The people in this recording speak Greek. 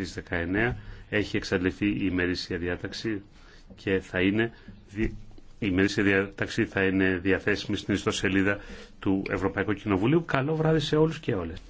στις 19 έχει εξαντληθεί η ημερήσια διάταξη και θα είναι η ημερήσια διάταξη θα είναι διαθέσιμη στην ιστοσελίδα του Ευρωπαϊκού Κοινοβουλίου. Καλό βράδυ σε όλους και όλες.